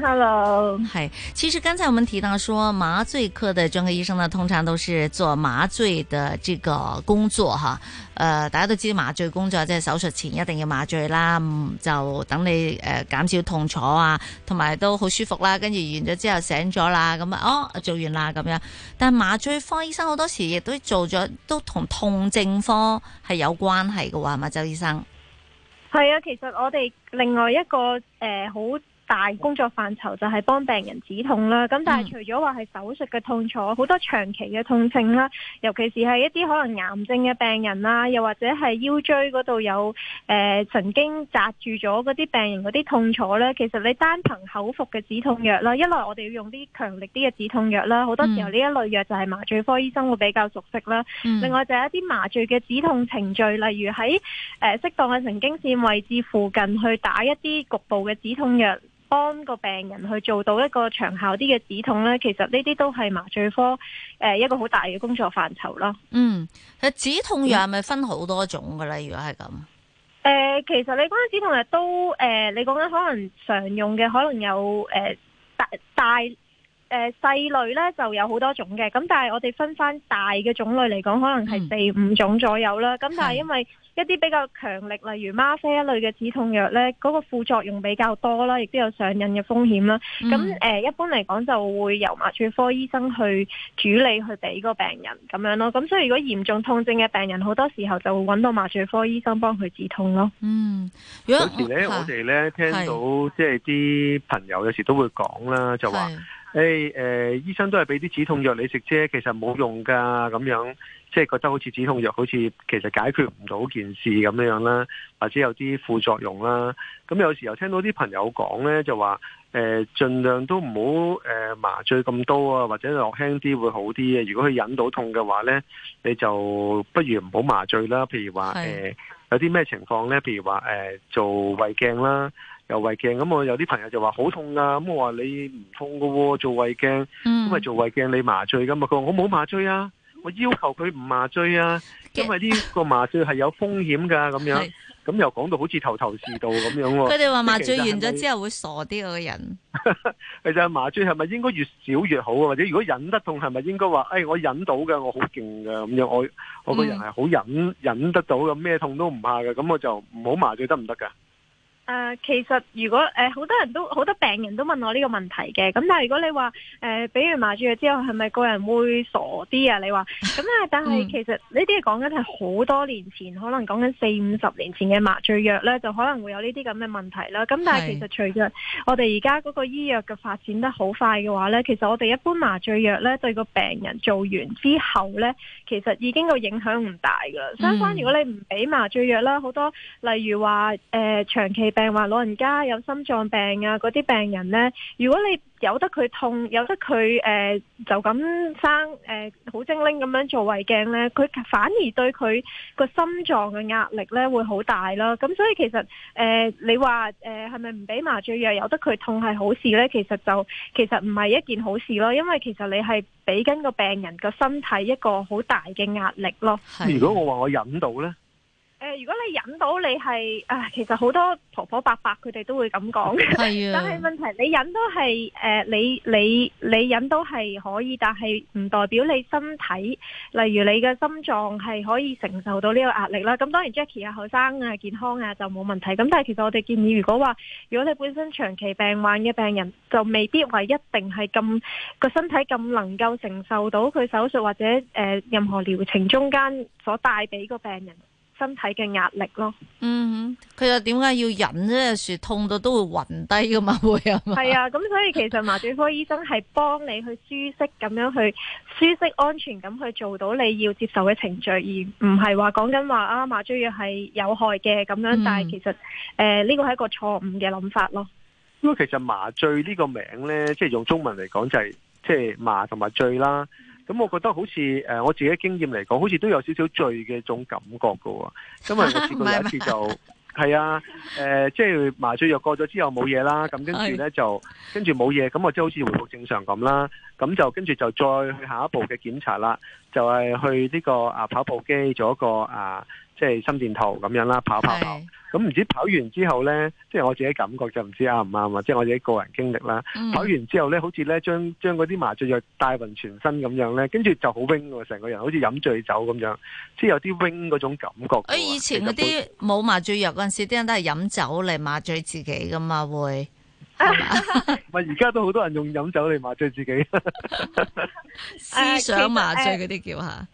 Hello，係，其實剛才我們提到說麻醉科的專科醫生呢，通常都是做麻醉的這個工作哈。誒、呃，大家都知道麻醉工作即係、就是、手術前一定要麻醉啦，嗯、就等你誒減、呃、少痛楚啊，同埋都好舒服啦。跟住完咗之後醒咗啦，咁啊哦，做完啦咁樣。但麻醉科醫生好多時亦都做咗都同痛症科係有關係嘅話嘛，周醫生。係啊，其實我哋另外一個誒好，呃大工作範疇就係幫病人止痛啦，咁但係除咗話係手術嘅痛楚，好多長期嘅痛症啦，尤其是係一啲可能癌症嘅病人啦，又或者係腰椎嗰度有誒、呃、神經紮住咗嗰啲病人嗰啲痛楚咧，其實你單憑口服嘅止痛藥啦，一來我哋要用啲強力啲嘅止痛藥啦，好多時候呢一類藥就係麻醉科醫生會比較熟悉啦。另外就係一啲麻醉嘅止痛程序，例如喺誒適當嘅神經線位置附近去打一啲局部嘅止痛藥。幫個病人去做到一個長效啲嘅止痛呢，其實呢啲都係麻醉科誒一個好大嘅工作範疇咯。嗯，誒止痛藥係咪分好多種噶喇？如果係咁，誒、呃、其實你嗰陣止痛藥都誒、呃，你講緊可能常用嘅可能有誒大、呃、大。大誒，細類咧就有好多種嘅，咁但係我哋分翻大嘅種類嚟講，可能係四五種左右啦。咁但係因為一啲比較強力，例如嗎啡一類嘅止痛藥咧，嗰個副作用比較多啦，亦都有上癮嘅風險啦。咁誒，一般嚟講就會由麻醉科醫生去處理，去俾個病人咁樣咯。咁所以如果嚴重痛症嘅病人，好多時候就會揾到麻醉科醫生幫佢止痛咯。嗯，啊、有時咧我哋咧代言聽到即係啲、啊、朋友有時都會講啦，就話。誒，誒、hey, 呃，醫生都係俾啲止痛藥你食啫，其實冇用噶，咁樣即係覺得好似止痛藥，好似其實解決唔到件事咁樣啦，或者有啲副作用啦。咁有時候聽到啲朋友講咧，就話，誒、呃，盡量都唔好，誒、呃，麻醉咁多啊，或者落輕啲會好啲嘅。如果佢忍到痛嘅話咧，你就不如唔好麻醉啦。譬如話，誒是、呃，有啲咩情況咧？譬如話，誒、呃，做胃鏡啦。做胃鏡咁，我有啲朋友就話好痛啊！咁我話你唔痛噶喎，做胃鏡咁咪做胃鏡你麻醉噶嘛？佢話我冇麻醉啊，我要求佢唔麻醉啊，因為呢個麻醉係有風險噶咁樣，咁是又講到好似頭頭是道咁樣。佢哋話麻醉完咗之後會傻啲嗰個人。 其實麻醉係咪應該越少越好？或者如果忍得痛，係咪應該話誒，我忍到嘅，我好勁噶咁樣，我我個人係好忍，嗯、忍得到嘅，咩痛都唔怕嘅，咁我就唔好麻醉得唔得噶？誒、呃，其實如果誒好、呃、多人都好多病人都問我呢個問題嘅，咁但係如果你話誒、呃，比如麻醉藥之後係咪個人會傻啲啊？你話咁啊？但係其實呢啲講緊係好多年前，可能講緊四五十年前嘅麻醉藥呢，就可能會有呢啲咁嘅問題啦。咁但係其實隨着我哋而家嗰個醫藥嘅發展得好快嘅話呢，其實我哋一般麻醉藥呢，對個病人做完之後呢，其實已經個影響唔大噶啦。 相反，如果你唔俾麻醉藥啦，好多例如話誒、呃、長期。病或老人家有心臟病啊，嗰啲病人呢，如果你由得佢痛，由得佢誒、呃，就咁生誒，好、呃、精靈咁樣做胃鏡呢，佢反而對佢個心臟嘅壓力呢會好大咯。咁所以其實誒、呃，你話誒係咪唔畀麻醉藥，由得佢痛係好事呢？其實就其實唔係一件好事咯，因為其實你係畀緊個病人個身體一個好大嘅壓力咯。的如果我話我忍到呢。誒，如果你忍到你，你係啊，其實好多婆婆伯伯佢哋都會咁講。係啊，但係問題你忍都係，誒，你引都、呃、你你忍都係可以，但係唔代表你身體，例如你嘅心臟係可以承受到呢個壓力啦。咁、啊、當然 Jackie 啊，後生啊，健康啊就冇問題。咁、啊、但係其實我哋建議，如果話如果你本身長期病患嘅病人，就未必話一定係咁個身體咁能夠承受到佢手術或者誒、呃、任何療程中間所帶俾個病人，身體嘅壓力咯，嗯哼，佢又點解要忍呢？咧？有陣時痛到都會暈低噶嘛，會係嘛？係啊，咁所以其實麻醉科醫生係幫你去舒適咁樣去舒適安全咁去做到你要接受嘅程序，而唔係話講緊話啊麻醉藥係有害嘅咁樣。嗯、但係其實誒呢個係一個錯誤嘅諗法咯。因為，其實麻醉呢個名咧，即係用中文嚟講就係、是、即係麻同埋醉啦。咁、嗯、我覺得好似誒、呃、我自己經驗嚟講，好似都有少少醉嘅種感覺㗎喎、哦。因為，我試過有一次就係 是吧 啊，誒、呃，即係麻醉藥過咗之後冇嘢啦。咁、嗯、跟住咧就 跟住冇嘢，咁、嗯、我即係好似回復正常咁啦。咁、嗯、就跟住就再去下一步嘅檢查啦，就係、是、去呢、這個啊跑步機做一個啊。即係心電圖咁樣啦，跑跑跑，咁唔知跑完之後咧，即係我自己感覺就唔知啱唔啱或者我自己個人經歷啦。嗯、跑完之後咧，好似咧將將嗰啲麻醉藥帶勻全身咁樣咧，跟住就好 Wing 暈喎，成個人好似飲醉酒咁樣，即係有啲 Wing 暈嗰種感覺、就是欸。以前嗰啲冇麻醉藥嗰陣時，啲人都係飲酒嚟麻醉自己噶嘛，會。係而家都好多人用飲酒嚟麻醉自己， 思想麻醉嗰啲叫吓、啊啊。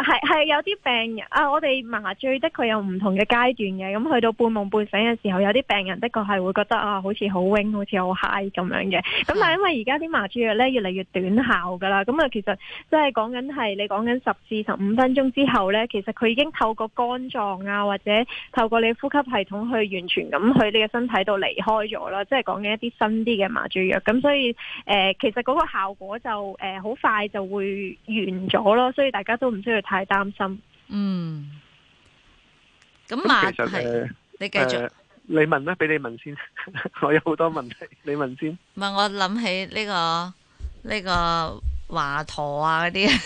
係係，有啲病人啊，我哋麻醉的確有唔同嘅階段嘅。咁、嗯、去到半夢半醒嘅時候，有啲病人的確係會覺得啊，好似好 wing，好似好 high 咁樣嘅。咁但係因為而家啲麻醉藥咧越嚟越短效噶啦。咁、嗯、啊其實即係講緊係你講緊十至十五分鐘之後咧，其實佢已經透過肝臟啊或者透過你呼吸系統去完全咁去你嘅身體度離開咗啦。即係講緊一啲新啲嘅麻醉藥，咁、嗯、所以誒、呃、其實嗰個效果就誒好、呃、快就會完咗咯，所以大家都唔需要太擔心，嗯，咁啊係，你繼續、呃，你問啦，俾你問先， 我有好多問題，你問先。唔係我諗起呢個呢個。這個華佗啊嗰啲，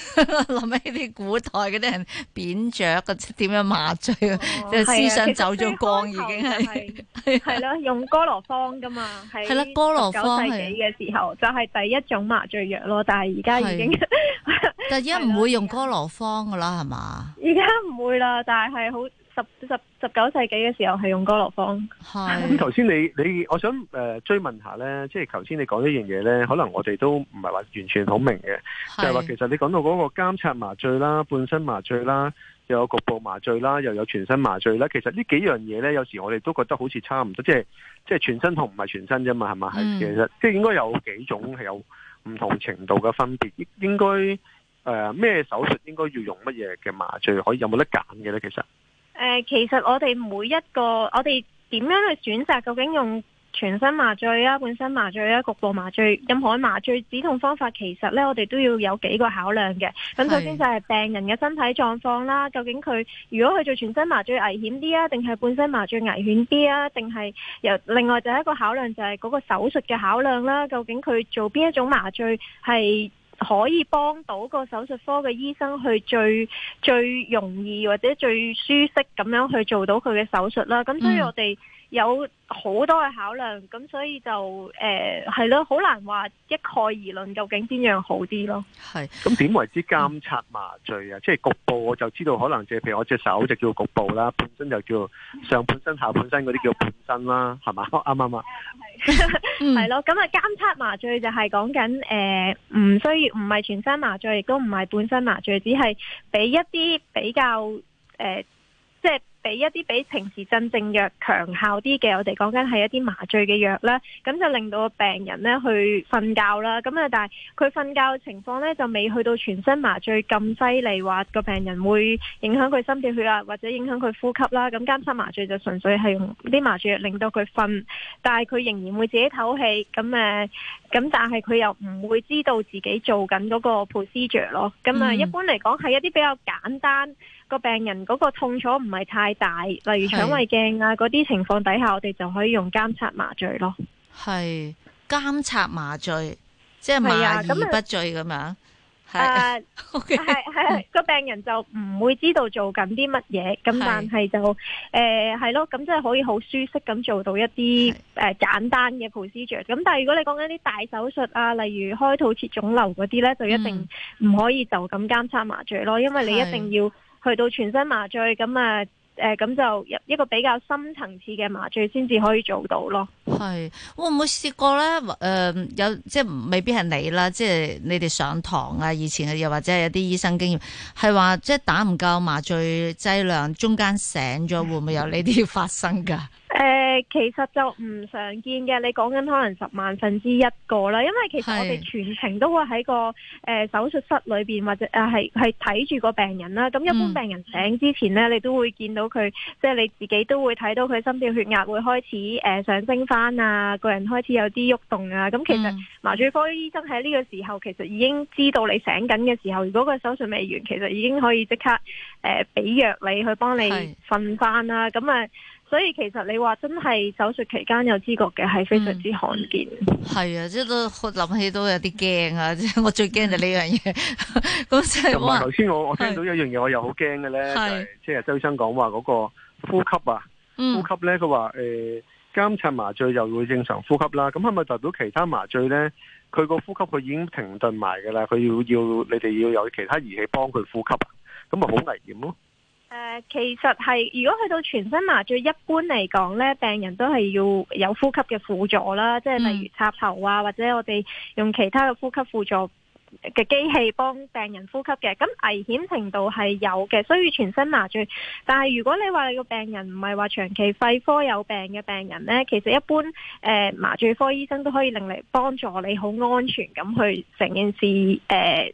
諗起啲古代嗰啲人扁鵲，即點樣麻醉，哦、思想走咗光已經係，係咯用歌羅芳噶嘛，係十九、啊、世紀嘅時候、啊、就係第一種麻醉藥咯，但係而家已經，是 但而家唔會用歌羅芳噶啦係嘛，而家唔會啦，但係好。十十十九世紀嘅時候係用哥羅芳。係咁，頭先你你我想誒、呃、追問下咧，即係頭先你講呢樣嘢咧，可能我哋都唔係話完全好明嘅，是就係話其實你講到嗰個監察麻醉啦、半身麻醉啦、又有局部麻醉啦、又有全身麻醉啦，其實呢幾樣嘢咧，有時我哋都覺得好似差唔多，即係即係全身同唔係全身啫嘛，係咪？係、嗯、其實即係應該有幾種係有唔同程度嘅分別，應該、呃、應該誒咩手術應該要用乜嘢嘅麻醉有有可以有冇得揀嘅咧？其實？誒、呃，其實我哋每一個，我哋點樣去選擇究竟用全身麻醉啊、半身麻醉啊、局部麻醉、任何麻醉止痛方法，其實呢，我哋都要有幾個考量嘅。咁首先就係病人嘅身體狀況啦，究竟佢如果去做全身麻醉危險啲啊，定係半身麻醉危險啲啊？定係又另外就係一個考量就係嗰個手術嘅考量啦。究竟佢做邊一種麻醉係？可以幫到個手術科嘅醫生去最最容易或者最舒適咁樣去做到佢嘅手術啦。咁所以我哋有好多嘅考量，咁所以就誒係咯，好、呃、難話一概而論究竟邊樣好啲咯。係是，咁 點為之監察麻醉啊？即係局部，我就知道可能借譬如我隻手就叫局部啦，本身就叫上半身、下半身嗰啲叫半身啦，係嘛的？啱唔啱？係咯，咁啊、 嗯，監測 麻醉就係講緊誒，唔、呃、需要，唔係全身麻醉，亦都唔係半身麻醉，只係俾一啲比較誒。呃俾一啲比平時鎮靜藥強效啲嘅，我哋講緊係一啲麻醉嘅藥啦，咁就令到病人咧去瞓覺啦。咁啊，但係佢瞓覺嘅情況咧就未去到全身麻醉咁犀利，話個病人會影響佢心跳血壓或者影響佢呼吸啦。咁監察麻醉就純粹係用啲麻醉藥令到佢瞓，但係佢仍然會自己唞氣。咁誒，咁但係佢又唔會知道自己做緊嗰個 procedure 咯。咁啊、嗯，一般嚟講係一啲比較簡單。個病人嗰個痛楚唔係太大，例如腸胃鏡啊嗰啲，是情況底下，我哋就可以用監察麻醉咯。係監察麻醉，即係麻、啊、而不醉咁樣。啊，OK，係，係個病人就唔會知道做緊啲乜嘢，咁是但係就誒係咯，咁即係可以好舒適咁做到一啲誒簡單嘅 procedure。咁但係如果你講緊啲大手術啊，例如開肚切腫瘤嗰啲咧，嗯、就一定唔可以就咁監察麻醉咯，因為你一定要。去到全身麻醉咁啊，誒，咁就一一個比較深層次嘅麻醉先至可以做到咯。係會唔會試過咧？誒、呃，有，即係未必係你啦，即係你哋上堂啊，以前嘅，又或者係有啲醫生經驗，係話即係打唔夠麻醉劑量，中間醒咗，會唔會有呢啲發生噶？ 其實就唔常見嘅，你講緊可能十萬分之一個啦，因為其實我哋全程都會喺個誒、呃、手術室裏邊或者誒係係睇住個病人啦。咁一般病人醒之前呢，嗯、你都會見到佢，即係你自己都會睇到佢心跳血壓會開始誒、呃、上升翻啊，個人開始有啲喐動啊。咁其實、嗯、麻醉科醫生喺呢個時候其實已經知道你醒緊嘅時候，如果個手術未完，其實已經可以即刻誒俾、呃、藥你去幫你瞓翻啦。咁是啊。嗯嗯嗯所以其實你話真係手術期間有知覺嘅係非常之罕見。係、嗯、啊，即係都諗起都有啲驚啊！即係我最驚 就呢樣嘢。咁即係頭先我我聽到一樣嘢是我又好驚嘅咧，是就係即係周醫生講話嗰個呼吸啊，嗯、呼吸咧佢話誒監察麻醉又會正常呼吸啦。咁係咪代表其他麻醉咧？佢個呼吸佢已經停頓埋噶啦？佢要要你哋要有其他儀器幫佢呼吸，啊。咁咪好危險咯？誒，其實係如果去到全身麻醉，一般嚟講呢，病人都係要有呼吸嘅輔助啦，即係例如插喉啊，或者我哋用其他嘅呼吸輔助嘅機器幫病人呼吸嘅，咁危險程度係有嘅。所以全身麻醉，但係如果你話你個病人唔係話長期肺科有病嘅病人呢，其實一般誒、呃、麻醉科醫生都可以令你幫助你好安全咁去成件事，誒、呃，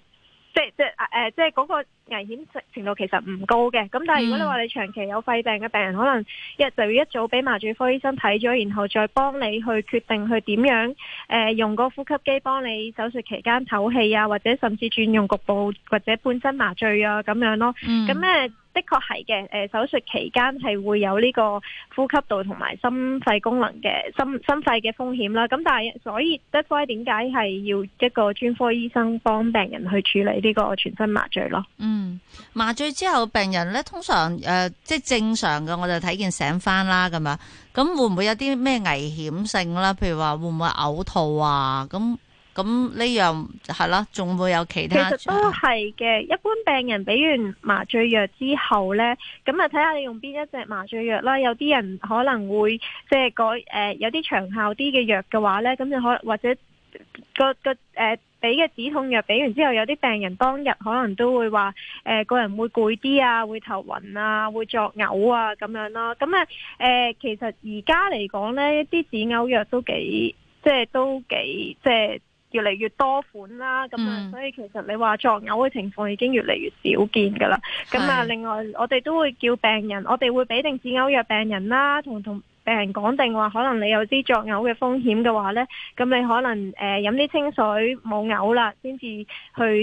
即係即係誒，即係嗰、呃嗰個。危險程度其實唔高嘅，咁但係如果你話你長期有肺病嘅病人，可能一就要一早俾麻醉科醫生睇咗，然後再幫你去決定去點樣誒、呃、用個呼吸機幫你手術期間唞氣啊，或者甚至轉用局部或者半身麻醉啊咁樣咯。咁咧、嗯、的確係嘅，誒手術期間係會有呢個呼吸道同埋心肺功能嘅心心肺嘅風險啦。咁但係所以得翻點解係要一個專科醫生幫病人去處理呢個全身麻醉咯？嗯。嗯、麻醉之後病人咧，通常誒、呃，即係正常嘅，我就睇見醒翻啦咁樣。咁會唔會有啲咩危險性啦？譬如話會唔會嘔吐啊？咁咁呢樣係啦，仲會有其他？其實都係嘅。一般病人俾完麻醉藥之後咧，咁啊睇下你用邊一隻麻醉藥啦。有啲人可能會即係改誒、呃，有啲長效啲嘅藥嘅話咧，咁就可或者個個誒。個呃俾嘅止痛藥，俾完之後有啲病人當日可能都會話，誒、呃、個人會攰啲啊，會頭暈啊，會作嘔啊咁樣咯。咁啊誒，其實而家嚟講呢，啲止嘔藥都幾，即係都幾，即係越嚟越多款啦。咁啊，嗯、所以其實你話作嘔嘅情況已經越嚟越少見㗎啦。咁、嗯、啊，是另外我哋都會叫病人，我哋會俾定止嘔藥病人啦，同同。病人講定話，可能你有啲作嘔嘅風險嘅話呢，咁你可能誒飲啲清水冇，嘔啦，先至去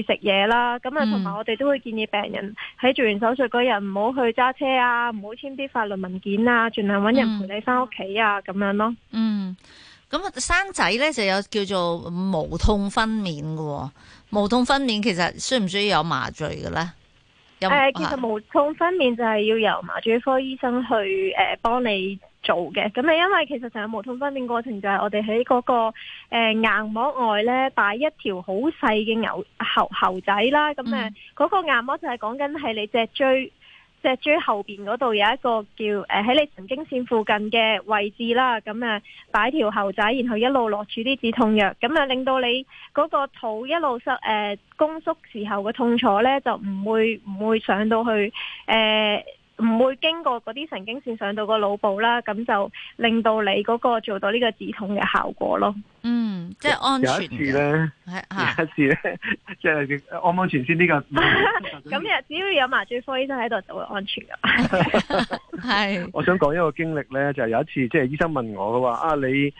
食嘢啦。咁啊，同埋我哋都會建議病人喺做完手術嗰日唔好去揸車啊，唔好簽啲法律文件啊，盡量揾人陪你翻屋企啊，咁、嗯、樣咯。嗯，咁生仔呢就有叫做無痛分娩嘅、哦，無痛分娩其實需唔需要有麻醉嘅呢、呃？其實無痛分娩就係要由麻醉科醫生去誒幫、呃、你。做嘅咁啊，因為其實成個無痛分娩過程就係、是、我哋喺嗰個誒、呃、硬膜外呢擺一條好細嘅牛喉喉，喉仔啦，咁啊嗰、嗯嗯那個硬膜就係講緊係你脊椎脊椎後邊嗰度有一個叫誒喺、呃、你神經線附近嘅位置啦，咁啊擺條喉仔，然後一路落住啲止痛藥，咁啊令到你嗰個肚一路縮誒宮縮時候嘅痛楚呢，就唔會唔會上到去誒。呃呃唔會經過嗰啲神經線上到個腦部啦，咁就令到你嗰個做到呢個止痛嘅效果咯。嗯，即係安全。有一次咧，有一次咧，即係安唔安全先呢個？咁又只要有麻醉科醫生喺度就會安全噶。係。我想講一個經歷咧，就係有一次，即係醫生問我佢話啊，你誒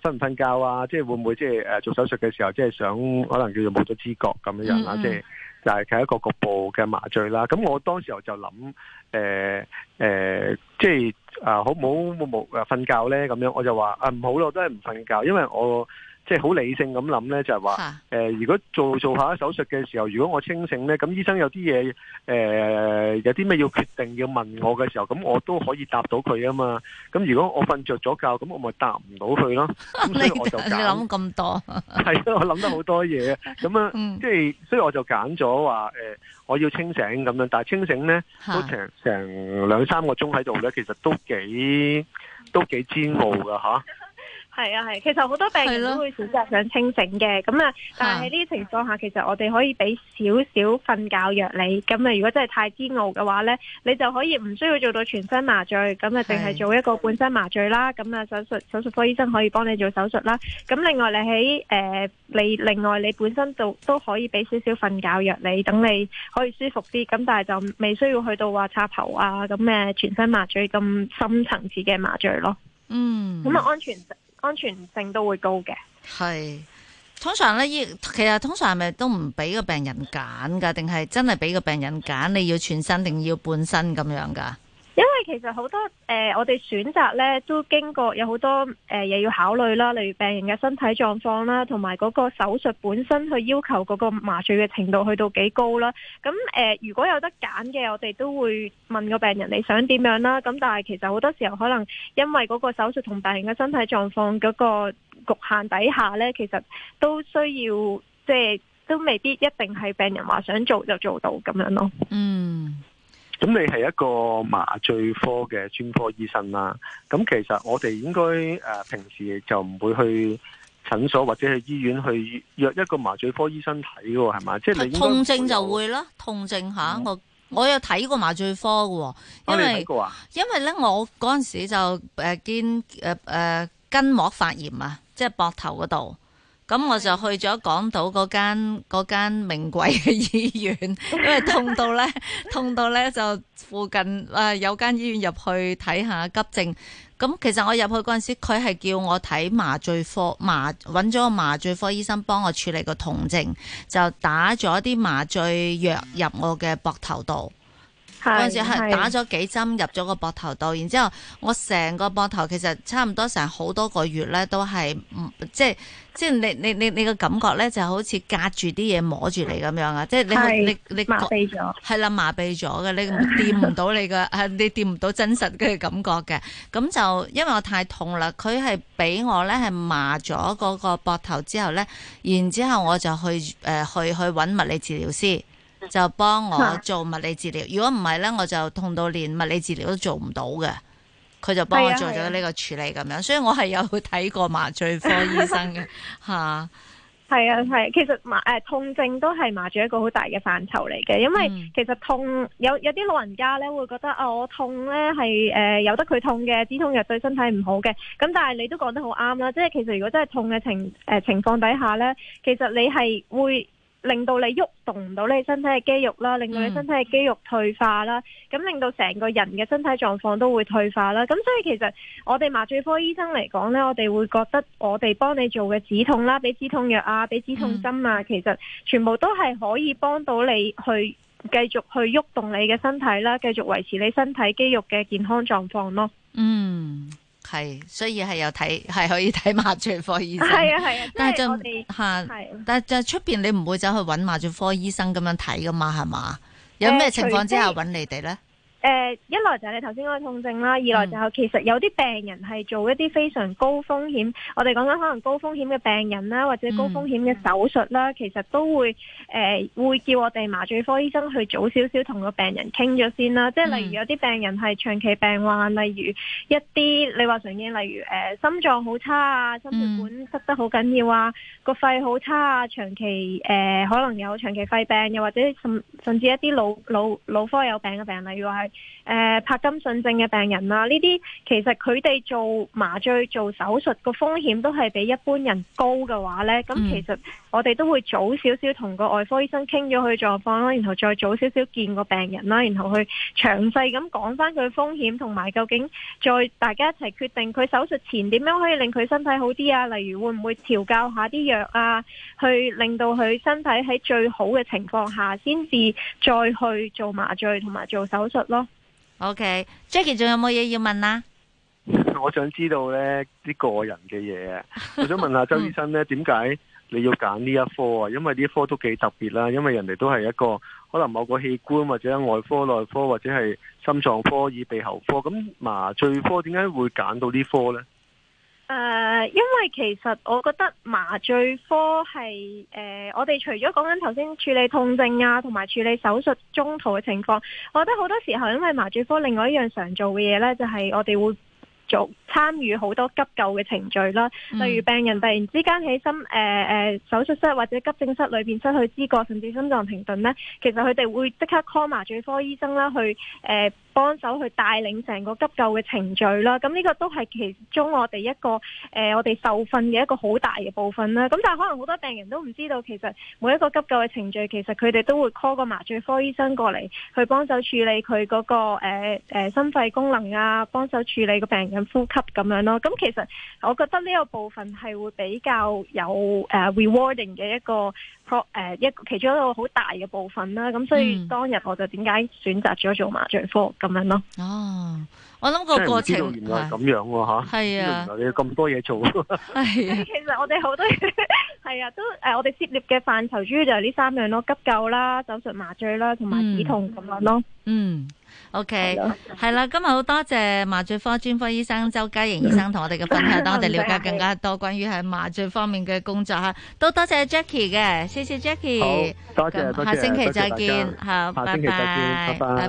瞓唔瞓覺啊？即係會唔會即係誒做手術嘅時候，即係想可能叫做冇咗知覺咁樣樣啊？即係。就係佢一個局部嘅麻醉啦，咁我當時候就諗，誒、呃、誒、呃，即係啊，好唔好冇誒瞓覺咧？咁樣我就話啊，唔好囉，我都係唔瞓覺，因為我。即係好理性咁諗呢，就係話誒，如果做做下手術嘅時候，如果我清醒呢，咁醫生有啲嘢誒，有啲咩要決定要問我嘅時候，咁我都可以答到佢啊嘛。咁如果我瞓着咗覺，咁我咪答唔到佢咯。咁所以我就你你諗咁多，係我諗得好多嘢。咁啊，即係所以我就揀咗話誒，我要清醒咁樣。但係清醒呢， 都成成兩三個鐘喺度呢，其實都幾都幾煎熬噶吓。係啊，係、啊啊，其實好多病人都會選擇想清醒嘅，咁啊，但係呢啲情況下，啊、其實我哋可以俾少少瞓覺藥你，咁啊，如果真係太煎熬嘅話呢，你就可以唔需要做到全身麻醉，咁啊，淨係做一個半身麻醉啦，咁啊，手術手術科醫生可以幫你做手術啦。咁另外你喺誒、呃、你另外你本身就都,都可以俾少少瞓覺藥你，等你可以舒服啲，咁、嗯、但係就未需要去到話、呃、插頭啊，咁誒全身麻醉咁深層次嘅麻醉咯。嗯，咁啊安全。安全性都會高嘅，係通常咧依，其實通常係咪都唔畀個病人揀噶？定係真係畀個病人揀？你要全身定要半身咁樣噶？即係其實好多誒、呃，我哋選擇咧都經過有好多誒，嘢、呃、要考慮啦，例如病人嘅身體狀況啦，同埋嗰個手術本身去要求嗰個麻醉嘅程度去到幾高啦。咁、嗯、誒、呃，如果有得揀嘅，我哋都會問個病人你想點樣啦。咁但係其實好多時候可能因為嗰個手術同病人嘅身體狀況嗰個局限底下咧，其實都需要即係都未必一定係病人話想做就做到咁樣咯。嗯。咁你係一個麻醉科嘅專科醫生啦、啊，咁其實我哋應該誒、呃、平時就唔會去診所或者去醫院去約一個麻醉科醫生睇嘅喎，係嘛？即係痛症就會啦，痛症嚇我、嗯啊，我有睇過麻醉科嘅喎，因為、啊過啊、因為咧我嗰陣時就誒見誒誒筋膜發炎啊，即係膊頭嗰度。咁我就去咗港島嗰間嗰間名貴嘅醫院，因為痛到咧痛到咧就附近誒、呃、有間醫院入去睇下急症。咁其實我入去嗰陣時，佢係叫我睇麻醉科麻，揾咗個麻醉科醫生幫我處理個痛症，就打咗啲麻醉藥入我嘅膊頭度。嗰陣時係打咗幾針，入咗個膊頭度，然之後我成個膊頭其實差唔多成好多個月咧，都係唔、嗯、即係即係你你你你個感覺咧，就好似隔住啲嘢摸住你咁樣啊！即係你是你你麻痹咗，係啦麻痹咗嘅，你掂唔到你嘅， 你掂唔到真實嘅感覺嘅。咁就因為我太痛啦，佢係俾我咧係麻咗嗰個膊頭之後咧，然之後我就去誒、呃、去去揾物理治療師。就幫我做物理治療，如果唔係呢，我就痛到連物理治療都做唔到嘅。佢就幫我做咗呢個處理咁樣，啊、所以我係有去睇過麻醉科醫生嘅吓。係 啊係、啊啊，其實麻誒、呃、痛症都係麻醉一個好大嘅範疇嚟嘅，因為其實痛有有啲老人家呢會覺得啊，我痛呢係誒由得佢痛嘅，止痛藥對身體唔好嘅。咁但係你都講得好啱啦，即、就、係、是、其實如果真係痛嘅情誒、呃、情況底下呢，其實你係會。令到你喐動唔到你身體嘅肌肉啦，令到你身體嘅肌肉退化啦，咁令到成個人嘅身體狀況都會退化啦。咁所以其實我哋麻醉科醫生嚟講呢，我哋會覺得我哋幫你做嘅止痛啦，俾止痛藥啊，俾止痛針啊，其實全部都係可以幫到你去繼續去喐動你嘅身體啦，繼續維持你身體肌肉嘅健康狀況咯。嗯。係，所以係有睇，係可以睇麻醉科醫生。係啊係啊，但係就吓，的的但係就出邊你唔會走去揾麻醉科醫生咁樣睇噶嘛，係嘛？有咩情況之下揾你哋咧？誒、呃，一來就係你頭先嗰個痛症啦，二來就係其實有啲病人係做一啲非常高風險，我哋講緊可能高風險嘅病人啦，或者高風險嘅手術啦，嗯、其實都會誒、呃、會叫我哋麻醉科醫生去早少少同個病人傾咗先啦。即係例如有啲病人係長期病患，例如一啲你話常見，例如誒、呃、心，心臟好差啊，心血管塞得好緊要啊，個、嗯、肺好差啊，長期誒、呃、可能有長期肺病，又或者甚甚至一啲腦腦腦科有病嘅病例如話係。誒，帕金遜症嘅病人啦，呢啲其實佢哋做麻醉做手術個風險都係比一般人高嘅話咧，咁、嗯、其實我哋都會早少少同個外科醫生傾咗佢狀況啦，然後再早少少見個病人啦，然後去詳細咁講翻佢風險同埋究竟再大家一齊決定佢手術前點樣可以令佢身體好啲啊，例如會唔會調教下啲藥啊，去令到佢身體喺最好嘅情況下先至再去做麻醉同埋做手術咯。OK，Jackie，okay。仲有冇嘢要問啊？我想知道呢啲個人嘅嘢，我想問下周醫生呢，點解 你要揀呢一科啊？因為呢科都幾特別啦，因為人哋都係一個可能某個器官或者外科、內科或者係心臟科、耳鼻喉科，咁麻醉科點解會揀到呢科呢？誒，uh, 因為其實我覺得麻醉科係誒，uh, 我哋除咗講緊頭先處理痛症啊，同埋處理手術中途嘅情況，我覺得好多時候因為麻醉科另外一樣常做嘅嘢呢，就係、是、我哋會做參與好多急救嘅程序啦，嗯、例如病人突然之間起身，誒、呃、誒，手術室或者急症室裏邊失去知覺，甚至心臟停頓呢，其實佢哋會即刻 call 麻醉科醫生啦，去誒幫手去帶領成個急救嘅程序啦。咁、呃、呢個都係、呃、其中我哋一個誒、呃，我哋受訓嘅一個好大嘅部分啦。咁但係可能好多病人都唔知道，其實每一個急救嘅程序，其實佢哋都會 call 個麻醉科醫生過嚟，去幫手處理佢嗰、那個誒心肺功能啊，幫、呃呃呃呃呃呃呃、手處理個病人。呼吸咁樣咯，咁其實我覺得呢個部分係會比較有誒、uh, rewarding 嘅一個誒一個一個其中一個好大嘅部分啦。咁所以當日我就點解選擇咗做麻醉科咁樣咯？哦，我諗個過過程原來係咁樣嘅吓，係啊，原來你有咁多嘢做係，其實我哋好多係 啊，都誒我哋涉獵嘅範疇主要就係呢三樣咯：急救啦、手術麻醉啦，同埋止痛咁樣咯。嗯。嗯。O K，係啦，今日好多謝麻醉科專科醫生周嘉盈醫生同我哋嘅分享，當我哋了解更加多關於喺麻醉方面嘅工作吓，都多謝 Jackie 嘅，謝謝 Jackie，多謝，那多謝，下星期再見，好，拜拜，下星期拜，拜。拜拜。